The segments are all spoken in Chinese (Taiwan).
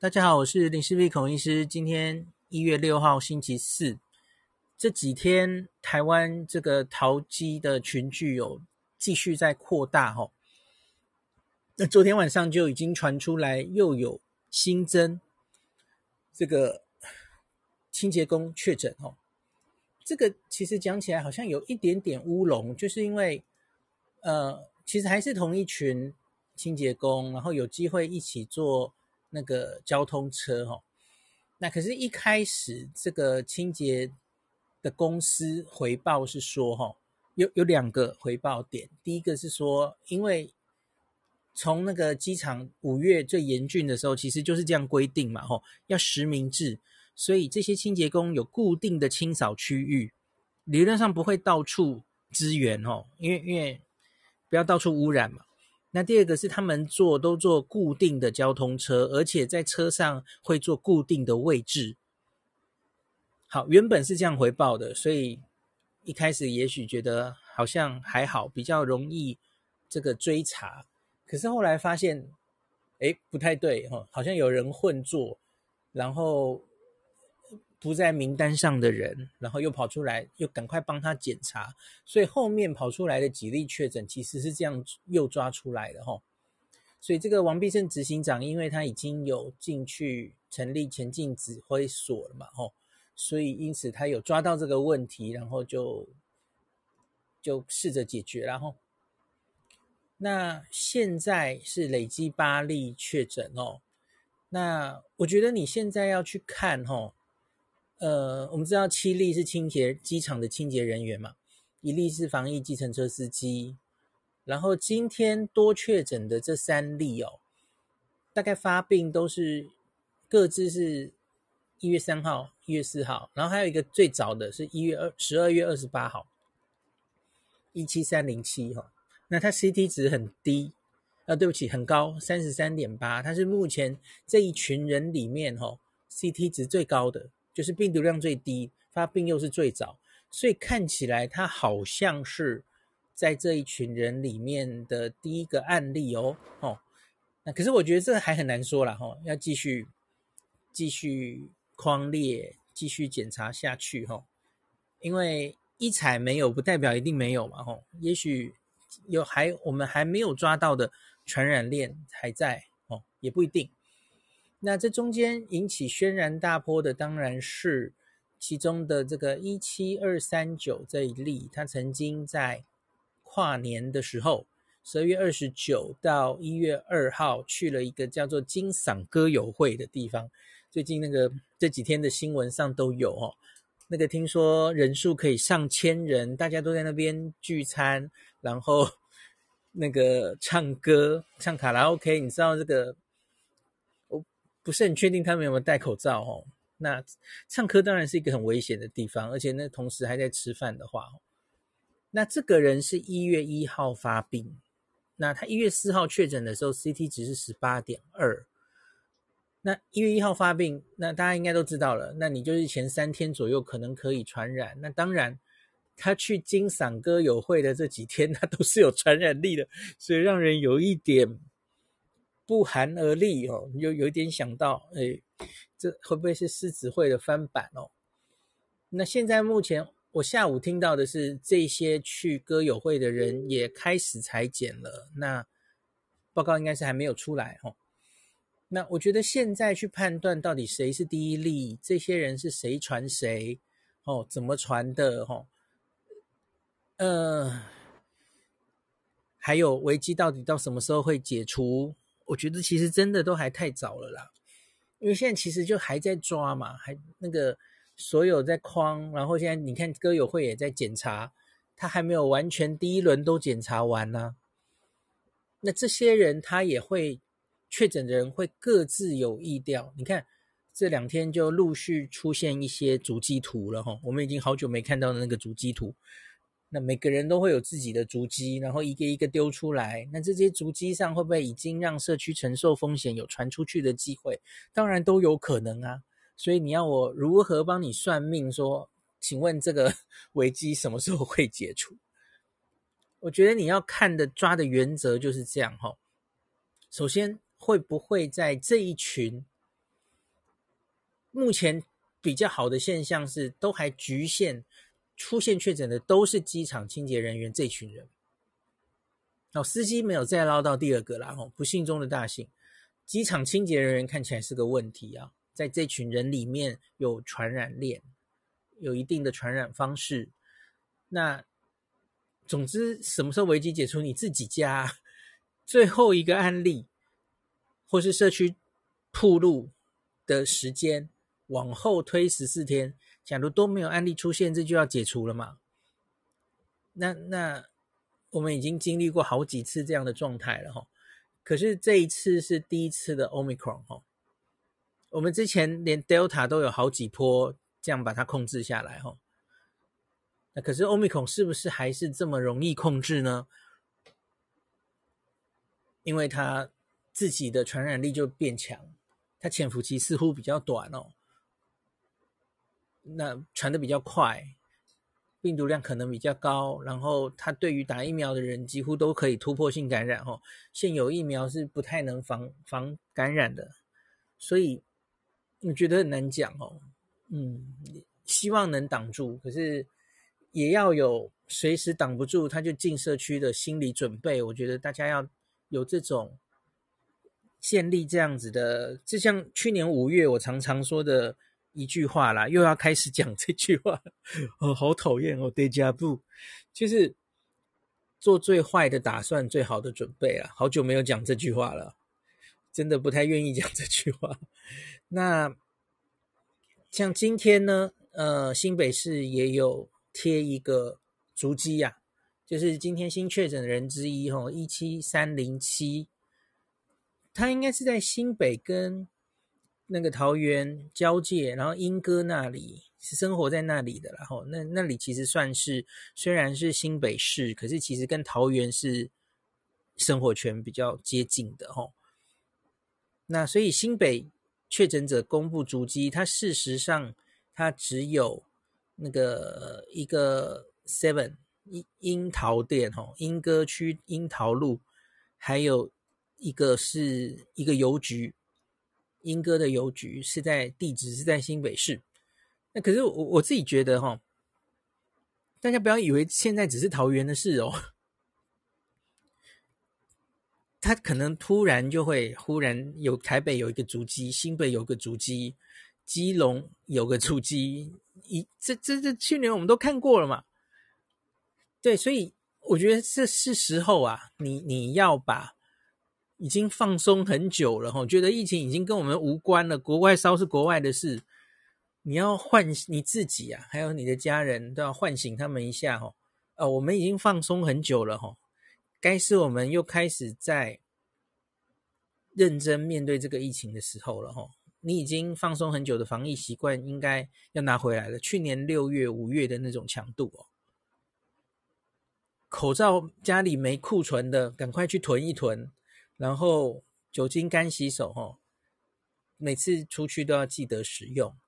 大家好，我是林氏璧孔醫師。今天一月六號星期四，這幾天台灣這個桃機的群聚有繼續在擴大哦。那昨天晚上就已經傳出來又有新增這個清潔工確診哦。這個其實講起來好像有一點點烏龍，就是因為呃，其實還是同一群清潔工，然後有機會一起做。那個交通車齁，那可是，一開始這個清潔的公司回報是說齁，有有兩個回報點，第一個是說，因為從那個機場五月最嚴峻的時候，其實就是這樣規定嘛，齁，要實名制，所以這些清潔工有固定的清掃區域，理論上不會到處支援哦，因為因為不要到處污染嘛。那第二個是他們坐都坐固定的交通車，而且在車上會坐固定的位置。好，原本是這樣回報的，所以一開始也許覺得好像還好，比較容易這個追查。可是後來發現，哎，不太對哦，好像有人混坐，然後。不在名單上的人，然後又跑出來，又趕快幫他檢查，所以後面跑出來的幾例確診，其實是這樣又抓出來的吼，所以這個王必勝執行長，因為他已經有進去成立前進指揮所了嘛，吼，所以因此他有抓到這個問題，然後就就試着解決，然後那現在是累計八例確診哦。那我覺得你現在要去看吼。呃，我們知道七例是清潔機場的清潔人員嘛，一例是防疫計程車司機，然後今天多確診的這三例哦，大概發病都是各自是一月三號、一月四號，然後還有一個最早的是一月二，十二月二十八號，一七三零七哈，那他 CT 值很低啊、呃，對不起，很高，三十三點八，他是目前這一群人裡面哈、哦，CT 值最高的。就是病毒量最低，發病又是最早，所以看起來他好像是在這一群人裡面的第一個案例哦。哦，那可是我覺得這還很難說了哈、哦，要繼續繼續匡列，繼續檢查下去哈、哦，因為一採沒有不代表一定沒有嘛。哦，也許有還我們還沒有抓到的傳染鏈還在哦，也不一定。那這中間引起軒然大波的，當然是其中的這個一七二三九這一例，他曾經在跨年的時候，十二月二十九到一月二號去了一個叫做金嗓歌友會的地方。最近那個這幾天的新聞上都有哦，那個聽說人數可以上千人，大家都在那邊聚餐，然後那個唱歌，唱卡拉 OK，你知道這個。不是很確定他們有沒有戴口罩哦。那唱歌當然是一個很危險的地方，而且那同時還在吃飯的話，那這個人是一月一號發病，那他一月四號確診的時候 CT 值是十八點二。那一月一號發病，那大家應該都知道了。那你就是前三天左右可能可以傳染。那當然，他去金嗓歌友會的這幾天，他都是有傳染力的，所以讓人有一點。不寒而慄哦，你就有，有一點想到，哎，這會不會是獅子會的翻版哦？那現在目前我下午聽到的是，這些去歌友會的人也開始採檢了。那報告應該是還沒有出來哈、哦。那我覺得現在去判斷到底誰是第一例，這些人是誰傳誰哦，怎麼傳的哦。呃，還有危機到底到什麼時候會解除？我覺得其實真的都還太早了啦，因為現在其實就還在抓嘛，還那個所有在框，然後現在你看歌友會也在檢查，他還沒有完全第一輪都檢查完啦、啊。那這些人他也會確診的人會各自有疫調，你看這兩天就陸續出現一些足跡圖了吼，我們已經好久沒看到的那個足跡圖。那每個人都會有自己的足跡，然後一個一個丟出來。那這些足跡上會不會已經讓社區承受風險，有傳出去的機會？當然都有可能啊。所以你要我如何幫你算命，說，請問這個危機什麼時候會解除？我覺得你要看的抓的原則就是這樣齁。首先，會不會在這一群？目前比較好的現象是，都還局限。出現確診的都是機場清潔人員這群人，然後司機沒有再撈到第二個啦。哦，不幸中的大幸，機場清潔人員看起來是個問題啊，在這群人裡面有傳染鏈，有一定的傳染方式。那總之，什麼時候危機解除，你自己家最後一個案例，或是社區曝露的時間往後推十四天。假如都沒有案例出現，這就要解除了嘛？那那我們已經經歷過好幾次這樣的狀態了哈、哦。可是這一次是第一次的奧密克戎哈。我們之前連 Delta 都有好幾波，這樣把它控制下來哈、哦。那可是 Omicron 是不是還是這麼容易控制呢？因為它自己的傳染力就變強，它潛伏期似乎比較短哦。那傳的比較快，病毒量可能比較高，然後他對於打疫苗的人幾乎都可以突破性感染哦。現有疫苗是不太能防防感染的，所以我覺得很難講哦。嗯，希望能擋住，可是也要有隨時擋不住他就進社區的心理準備。我覺得大家要有這種建立這樣子的，就像去年五月我常常說的。一句話啦，又要開始講這句話，哦，好討厭哦，Déjà vu，就是做最壞的打算，最好的準備啊，好久沒有講這句話了，真的不太願意講這句話。那像今天呢，呃，新北市也有貼一個足跡啊，就是今天新確診的人之一哦，一七三零七，他應該是在新北跟。那個桃園交界，然後鶯歌那裡是生活在那裡的，然後那那裡其實算是雖然是新北市，可是其實跟桃園是生活圈比較接近的吼。那所以新北確診者公布足跡，它事實上它只有那個一個 seven 鶯鶯桃店吼，鶯歌區鶯桃路，還有一個是一個郵局。英哥的郵局是在，地址是在新北市，那可是我我自己覺得哈，大家不要以為現在只是桃園的事哦，他可能突然就會忽然有台北有一個足迹，新北有一個足迹，基隆有個足迹，一這這這去年我們都看過了嘛，對，所以我覺得這是時候啊，你你要把。已經放鬆很久了哈，覺得疫情已經跟我們無關了，國外燒是國外的事。你要喚醒你自己啊，還有你的家人，都要喚醒他們一下哈。哦，我們已經放鬆很久了哈，該是我們又開始在認真面對這個疫情的時候了哈。你已經放鬆很久的防疫習慣，應該要拿回來了。去年六月、五月的那種強度，口罩家裡沒庫存的，趕快去囤一囤。然後酒精乾洗手哦，每次出去都要記得使用。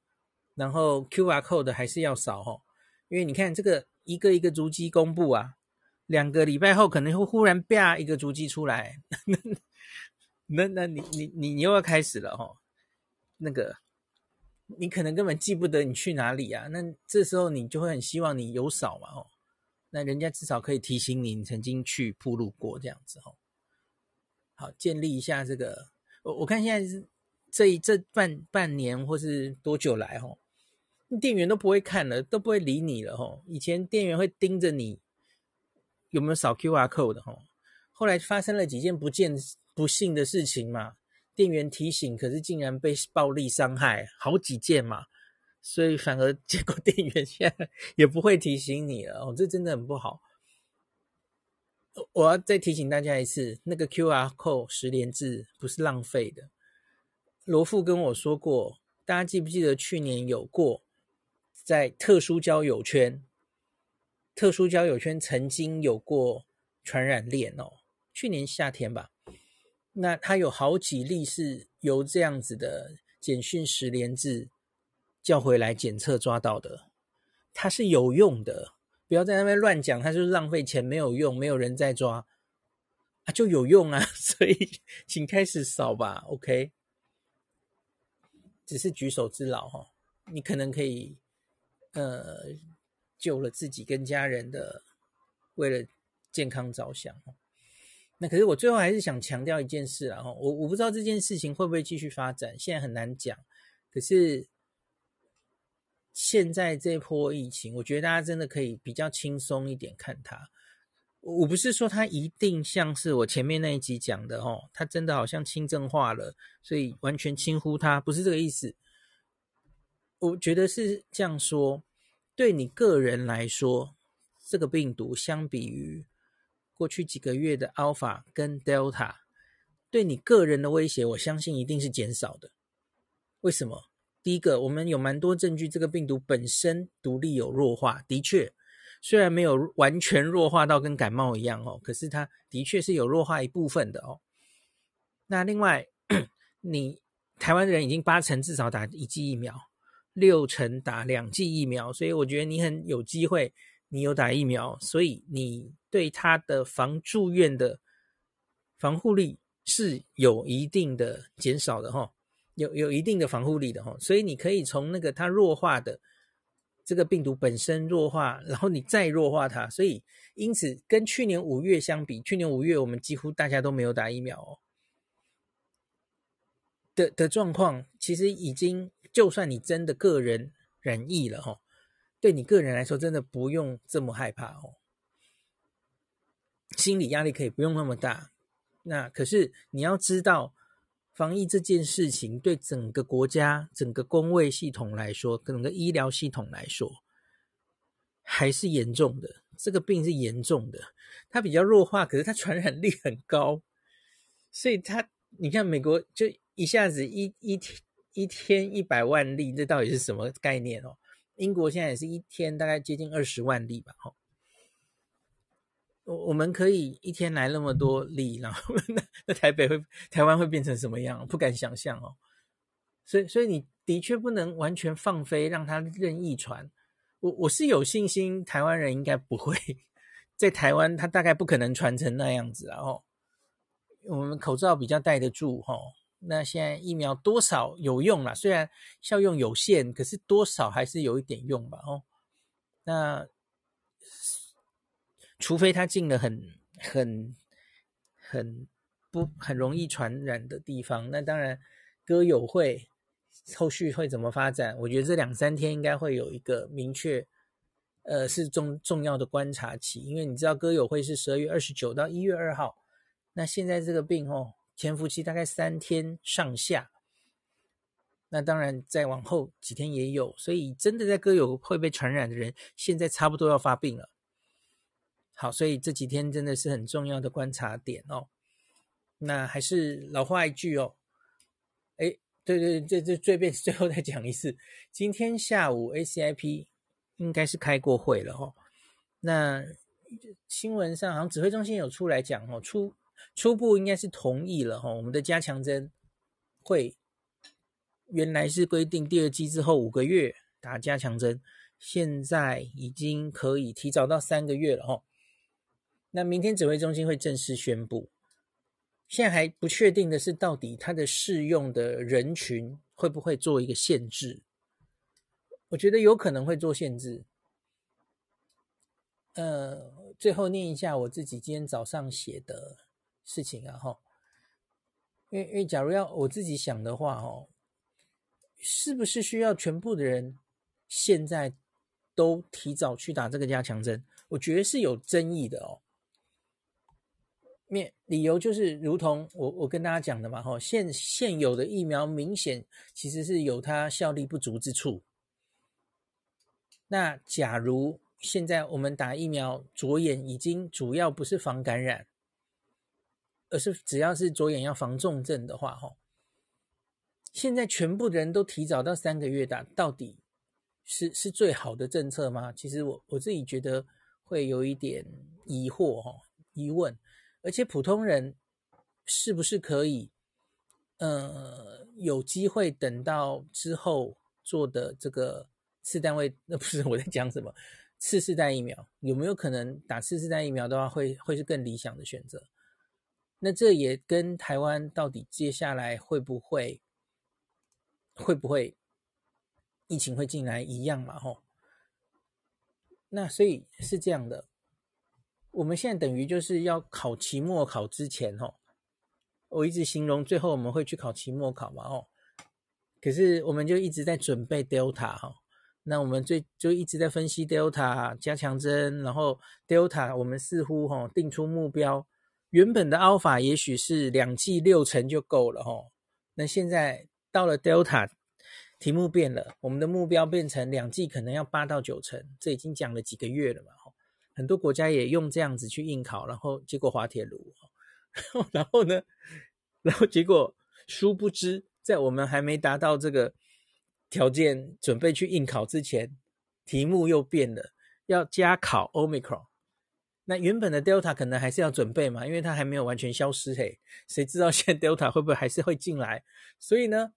然後 QR Code 的還是要掃哦，因為你看這個一個一個足跡公佈啊，兩個禮拜後可能會忽然啪一個足跡出來，那那，那你你你，你又要開始了吼、哦。那個，你可能根本記不得你去哪裡啊？那這時候你就會很希望你有掃嘛、哦、那人家至少可以提醒你，你曾經去曝露過這樣子吼、哦。好，建立一下這個。我我看現在是這一這半半年或是多久來吼、哦，店員都不會看了，都不會理你了吼、哦。以前店員會盯着你有沒有掃 QR Code 的、哦、吼，後來發生了幾件不見不幸的事情嘛，店員提醒，可是竟然被暴力傷害好幾件嘛，所以反而結果店員現在也不會提醒你了哦，這真的很不好。我要再提醒大家一次，那個 QR code 實聯制不是浪費的。羅富跟我說過，大家記不記得去年有過在特殊交友圈，特殊交友圈曾經有過傳染鏈哦，去年夏天吧。那他有好幾例是由這樣子的簡訊實聯制叫回來檢測抓到的，它是有用的。不要在那邊亂講，他就是浪費錢，沒有用，沒有人在抓，啊，就有用啊，所以請開始掃吧，OK，只是舉手之勞哈，你可能可以，呃，救了自己跟家人的，為了健康着想，那可是我最後還是想強調一件事啊，我我不知道這件事情會不會繼續發展，現在很難講，可是。現在這波疫情，我覺得大家真的可以比較輕鬆一點看它。我不是說它一定像是我前面那一集講的哦，它真的好像輕症化了，所以完全輕忽它，不是這個意思。我覺得是這樣說，對你個人來說，這個病毒相比於過去幾個月的 Alpha 跟 Delta，對你個人的威脅，我相信一定是減少的。為什麼？第一個，我們有蠻多證據，這個病毒本身獨立有弱化。的確，雖然沒有完全弱化到跟感冒一樣哦，可是它的確是有弱化一部分的哦。那另外，你台灣的人已經八成至少打一劑疫苗，六成打兩劑疫苗，所以我覺得你很有機會，你有打疫苗，所以你對他的防住院的防護力是有一定的減少的哈、哦。有有一定的防護力的哈、哦，所以你可以從那個它弱化的這個病毒本身弱化，然後你再弱化它，所以因此跟去年五月相比，去年五月我們幾乎大家都沒有打疫苗、哦、的的狀況，其實已經就算你真的個人染疫了哈、哦，對你個人來說真的不用這麼害怕哦，心理壓力可以不用那麼大，那可是你要知道。防疫這件事情，對整個國家、整個公衛系統來說，整個醫療系統來說，還是嚴重的。這個病是嚴重的，它比較弱化，可是它傳染力很高。所以它，你看美國就一下子一一,一天一天一百萬例，這到底是什麼概念哦？英國現在也是一天大概接近二十萬例吧，我我們可以一天來那麼多例，然後那那台北會台灣會變成什麼樣？不敢想象哦。所以所以你的確不能完全放飛，讓它任意傳。我我是有信心，台灣人應該不會在台灣，他大概不可能傳成那樣子哦。我們口罩比較戴得住哈哦。那現在疫苗多少有用了，雖然效用有限，可是多少還是有一點用吧哦。那。除非他進了很很很不很容易傳染的地方。那當然歌友會後續會怎麼發展？我覺得這兩三天應該會有一個明確，呃，是重重要的觀察期，因為你知道歌友會是十二月二十九到一月二號，那現在這個病哦，潛伏期大概三天上下，那當然再往後幾天也有，所以真的在歌友會被傳染的人，現在差不多要發病了。好，所以這幾天真的是很重要的觀察點哦。那還是老話一句哦，誒，對對，對，這這這邊最後再講一次。今天下午 ACIP 應該是開過會了哈。那新聞上好像指揮中心有出來講哦，初初步應該是同意了哈。我們的加強針會原來是規定第二劑之後五個月打加強針，現在已經可以提早到三個月了哈。那明天指揮中心會正式宣布。現在還不確定的是，到底它的適用的人群會不會做一個限制？我覺得有可能會做限制。呃，最後念一下我自己今天早上寫的事情啊，哈、哦。因為因為假如要我自己想的話，哦，是不是需要全部的人現在都提早去打這個加強針？我覺得是有爭議的哦。理由就是，如同我我跟大家講的嘛，吼，現現有的疫苗明顯其實是有它效力不足之處。那假如現在我們打疫苗着眼已經主要不是防感染，而是只要是著眼要防重症的話，吼，現在全部的人都提早到三個月打，到底是是最好的政策嗎？其實我我自己覺得會有一點疑惑，吼，疑問。而且普通人是不是可以，呃，有機會等到之後做的這個次單位？那、呃、不是我在講什麼？次世代疫苗有沒有可能打次世代疫苗的話會，會會是更理想的選擇？那這也跟台灣到底接下來會不會會不會疫情會進來一樣嘛？吼，那所以是這樣的。我們現在等於就是要考期末考之前哦，我一直形容最後我們會去考期末考嘛哦，可是我們就一直在準備 Delta 哈、哦，那我們最就一直在分析 Delta 加強針，然後 Delta 我們似乎哈、哦、定出目標，原本的 Alpha 也許是兩 g 六成就夠了哈、哦，那現在到了 Delta 題目變了，我們的目標變成兩 g 可能要八到九成，這已經講了幾個月了嘛。很多國家也用這樣子去應考，然後結果滑鐵盧， 然後呢，然後結果殊不知，在我們還沒達到這個條件準備去應考之前，題目又變了，要加考 Omicron，那原本的 Delta 可能還是要準備嘛，因為它還沒有完全消失嘿，誰知道現在 Delta 會不會還是會進來？所以呢，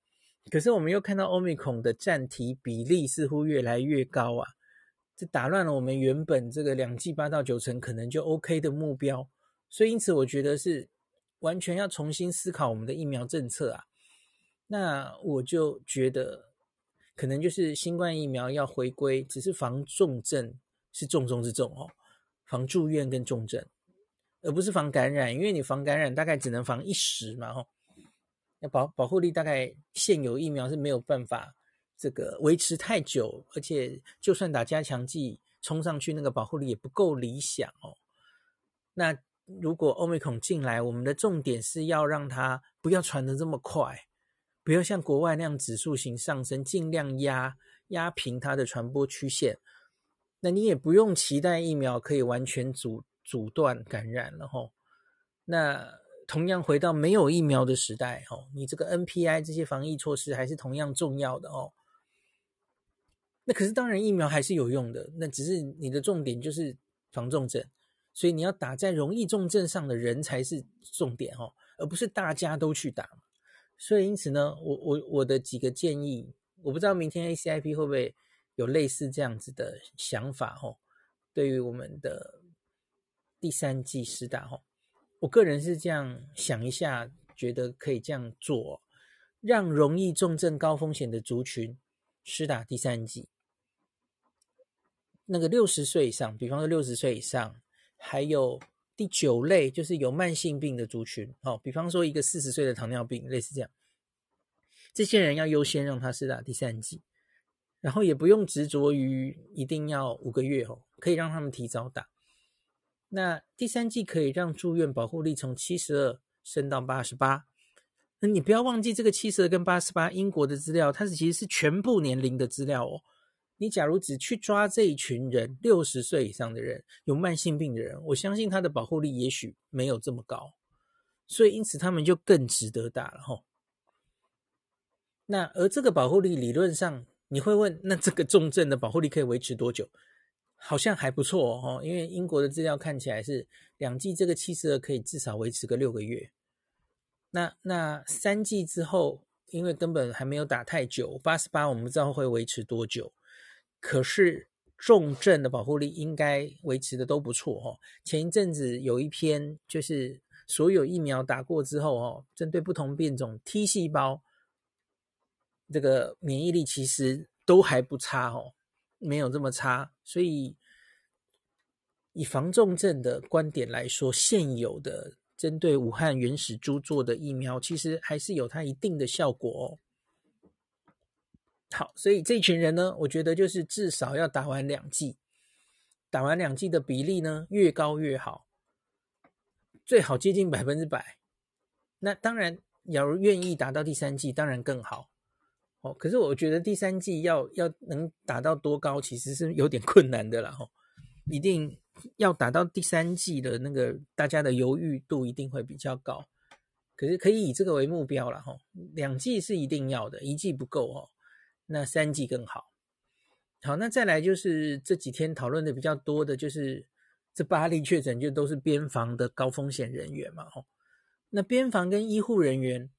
可是我們又看到 Omicron 的佔題比例似乎越來越高啊。這打亂了我們原本這個兩劑八到九成可能就 OK 的目標，所以因此我覺得是完全要重新思考我們的疫苗政策啊。那我就覺得可能就是新冠疫苗要回歸，只是防重症是重中之重哦，防住院跟重症，而不是防感染，因為你防感染大概只能防一時嘛吼、哦，那保保護力大概現有疫苗是沒有辦法，這個維持太久，而且就算打加強劑衝上去，那個保護力也不夠理想哦。那如果 Omicron 進來，我們的重點是要讓它不要傳得這麼快，不要像國外那樣指數型上升，盡量壓壓平它的傳播曲線。那你也不用期待疫苗可以完全阻阻斷感染了吼、哦。那同樣回到沒有疫苗的時代吼，你這個 NPI 這些防疫措施還是同樣重要的哦。那可是當然，疫苗還是有用的。那只是你的重點就是防重症，所以你要打在容易重症上的人才是重點哦，而不是大家都去打。所以因此呢，我我我的幾個建議，我不知道明天 ACIP 會不會有類似這樣子的想法哦。對於我們的第三劑施打哦，我個人是這樣想一下，覺得可以這樣做，讓容易重症高風險的族群施打第三劑。那個六十歲以上，比方說六十歲以上，還有第九類就是有慢性病的族群，哦，比方說一個四十歲的糖尿病，類似這樣，這些人要優先讓他施打第三劑，然後也不用執着於一定要五個月哦，可以讓他們提早打。那第三劑可以讓住院保護力從七十二升到八十八，那你不要忘記這個七十二跟八十八，英國的資料它是其實是全部年齡的資料哦。你假如只去抓這一群人，六十歲以上的人，有慢性病的人，我相信他的保護力也許沒有這麼高，所以因此他們就更值得打了吼。那而這個保護力理論上，你會問，那這個重症的保護力可以維持多久？好像還不錯哦，因為英國的資料看起來是兩劑這個七十二可以至少維持個六個月。那那三劑之後，因為根本還沒有打太久，八十八我們不知道會維持多久。可是重症的保護力應該維持的都不錯哦。前一陣子有一篇，就是所有疫苗打過之後哦，針對不同變種 T 細胞，這個免疫力其實都還不差哦，沒有這麼差。所以以防重症的觀點來說，現有的針對武漢原始株做的疫苗，其實還是有它一定的效果哦。好，所以這群人呢，我覺得就是至少要打完兩劑，打完兩劑的比例呢越高越好，最好接近百分之百。那當然，要願意打到第三劑當然更好。哦，可是我覺得第三劑要要能打到多高，其實是有點困難的了哈、哦。一定要打到第三劑的那個，大家的猶豫度一定會比較高。可是可以以這個為目標了哈、哦，兩劑是一定要的，一劑不夠哦。那三劑更好。好，那再來就是這幾天討論的比較多的，就是這八例確診就都是邊防的高風險人員嘛，吼。那邊防跟醫護人員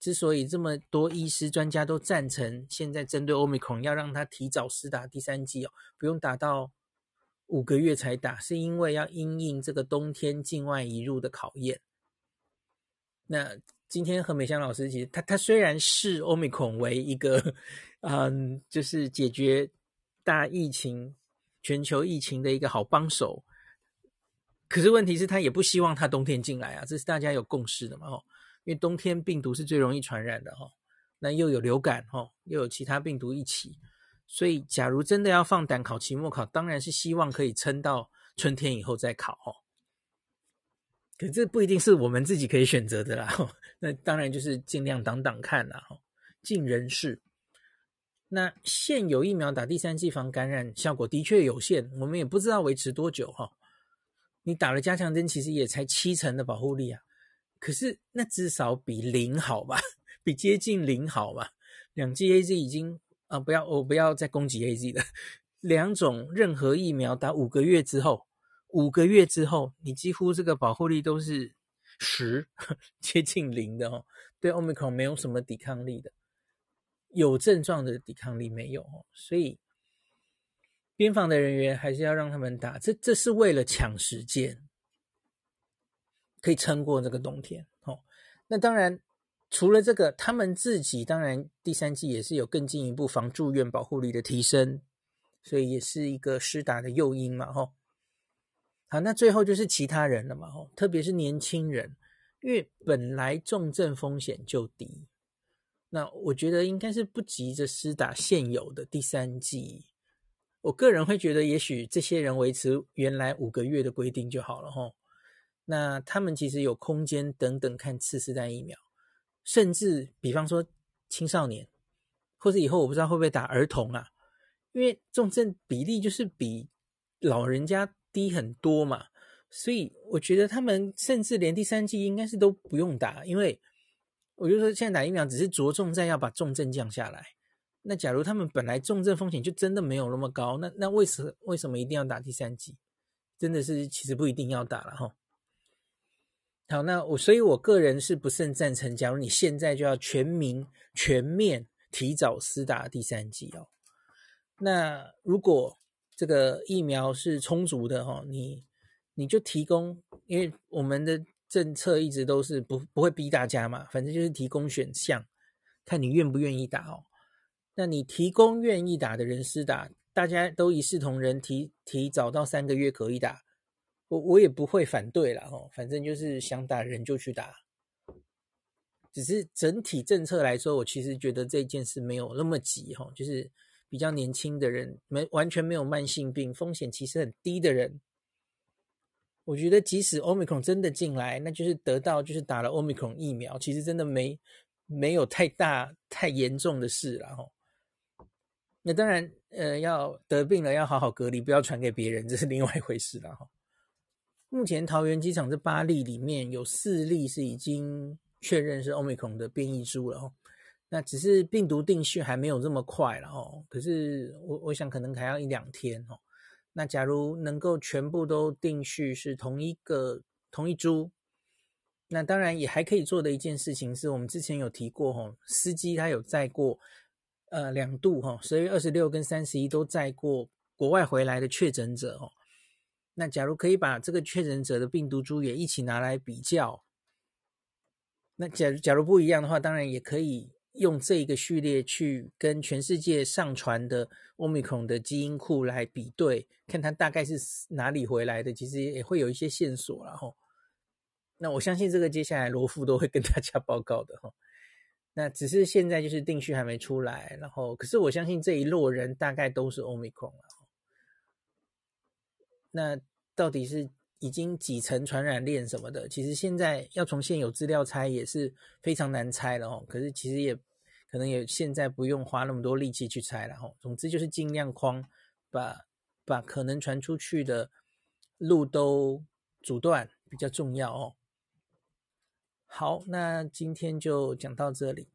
之所以這麼多醫師專家都贊成，現在針對 Omicron 要讓他提早施打第三劑哦，不用打到五個月才打，是因為要因應這個冬天境外移入的考驗。那今天何美鄉老師，其實他他雖然視歐米孔為一個，嗯，就是解決大疫情、全球疫情的一個好幫手，可是問題是他也不希望他冬天進來啊，這是大家有共識的嘛，哦，因為冬天病毒是最容易傳染的哈，那又有流感哈，又有其他病毒一起，所以假如真的要放膽考期末考，當然是希望可以撐到春天以後再考哈。可這不一定是我們自己可以選擇的啦，那當然就是盡量擋擋看啦、啊，盡人事。那現有疫苗打第三劑防感染效果的確有限，我們也不知道維持多久哈。你打了加強針，其實也才七成的保護力啊，可是那至少比零好吧，比接近零好吧。兩劑 AZ 已經啊，不要我、哦、不要再攻擊 AZ 了。兩種任何疫苗打五個月之後。五個月之後，你幾乎這個保護力都是十接近零的哦，對 Omicron 沒有什麼抵抗力的，有症狀的抵抗力沒有哦，哦，所以邊防的人員還是要讓他們打，這這是為了搶時間，可以撐過這個冬天哦。那當然，除了這個，他們自己當然第三劑也是有更進一步防住院保護力的提升，所以也是一個施打的誘因嘛，吼、哦。好，那最後就是其他人了嘛，特別是年輕人，因為本來重症風險就低，那我覺得應該是不急着施打現有的第三劑。我個人會覺得，也許這些人維持原來五個月的規定就好了吼。那他們其實有空間等等看次世代疫苗，甚至比方說青少年，或者以後我不知道會不會打兒童啊，因為重症比例就是比老人家。低很多嘛，所以我覺得他們甚至連第三劑應該是都不用打，因為我就說現在打疫苗只是着重在要把重症降下來。那假如他們本來重症風險就真的沒有那麼高，那那為什為什麼一定要打第三劑？真的是其實不一定要打了哈、哦。好，那我所以我個人是不甚贊成，假如你現在就要全民全面提早施打第三劑哦，那如果。這個疫苗是充足的哈，你你就提供，因為我們的政策一直都是不不會逼大家嘛，反正就是提供選項，看你願不願意打哦。那你提供願意打的人施打，大家都一視同仁，提提早到三個月可以打，我我也不會反對啦哈，反正就是想打人就去打，只是整體政策來說，我其實覺得這件事沒有那麼急哈，就是。比較年輕的人，沒完全沒有慢性病，風險其實很低的人，我覺得即使 Omicron 真的進來，那就是得到就是打了 Omicron 疫苗，其實真的沒沒有太大太嚴重的事了哈。那當然，呃，要得病了要好好隔離，不要傳給別人，這是另外一回事了哈。目前桃園機場這八例裡面有四例是已經確認是 Omicron 的變異株了哈。那只是病毒定序還沒有這麼快了哦。可是我我想可能還要一兩天哦。那假如能夠全部都定序是同一個，同一株，那當然也還可以做的一件事情是我們之前有提過哦，司機他有載過呃兩度哈、哦，十二月二十六跟三十一都載過國外回來的確診者哦。那假如可以把這個確診者的病毒株也一起拿來比較，那假假如不一樣的話，當然也可以。用這一個序列去跟全世界上傳的 Omicron 的基因庫來比對，看他大概是哪裡回來的，其實也會有一些線索。然後，那我相信這個接下來羅夫都會跟大家報告的。那只是現在就是定序還沒出來，然後，可是我相信這一落人大概都是 Omicron。那到底是？已經幾層傳染鏈什麼的，其實現在要從現有資料猜也是非常難猜的哦。可是其實也可能也現在不用花那麼多力氣去猜了哦。總之就是盡量框把，把把可能傳出去的路都阻斷比較重要哦。好，那今天就講到這裡。